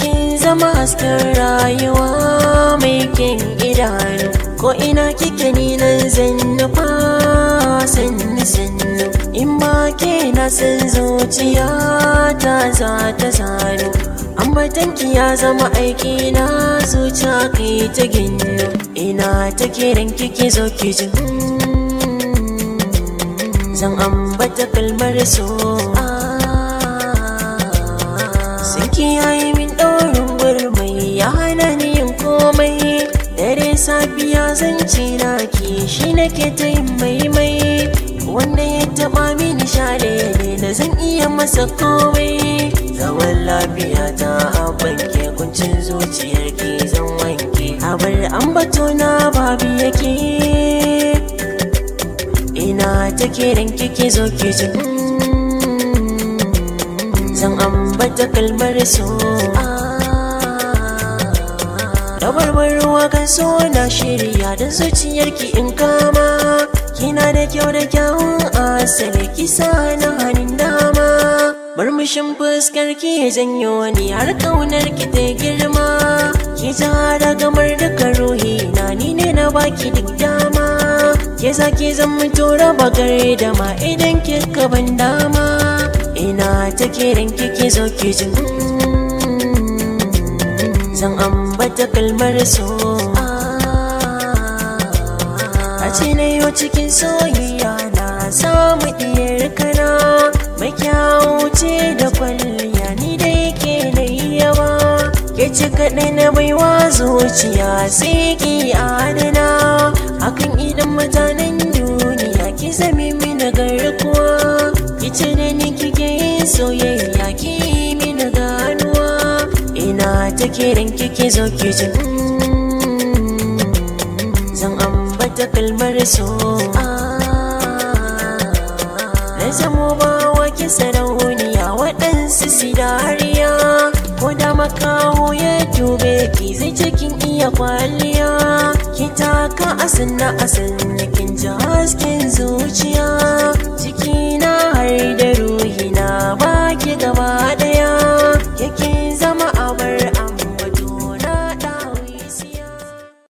kin zama hasken rayuwa mai kyan idanu ko ina kike ni nan zan nufa sannu sannu in ma ke na san zuciya ta za ta zanu ambatan ya zama aiki na zuciya kai ta ginnu ina ta kiran kike zo ki hmm, zan ambata kalmar so ya zanci na ke shi nake ta yin maimai wanda ya taba mini share ne da zan iya masa komai zaman lafiya ta ke kuncin zuciyar ki zan wanke abar ambato na babu yake ina ta kiran kike zo ki mm, zan ambata kalmar so so na shirya da zuciyarki in kama kina da kyau da kyawun asali kisa na hannun dama murmushin fuskar ki ya janyo wani har kaunar ki ta girma ki da gamar duka ruhi na ni ne na baki duk dama ke za ki zama tura bagare da ma idan ki ban dama ina ta kiran ki ki zo ki jin mm, zan amma furta kalmar so a ah. ce na yau cikin soyayya na samu ɗiyar kana makyawu ce da kwalliya ni dai ke da yawa ke ci kaɗai na baiwa zuciya sai ki adana akan idan mutanen duniya ki zame mini garkuwa ki ce ne kike yin soyayya ki yi. da kirin kike zo kicin, zan ambata kalmar so na zamo ba wake sarauniya waɗansu su hariya. ko da makaho ya dube ki zai cikin iya kwaliya ki taka asan na asan kin ji hasken zuciya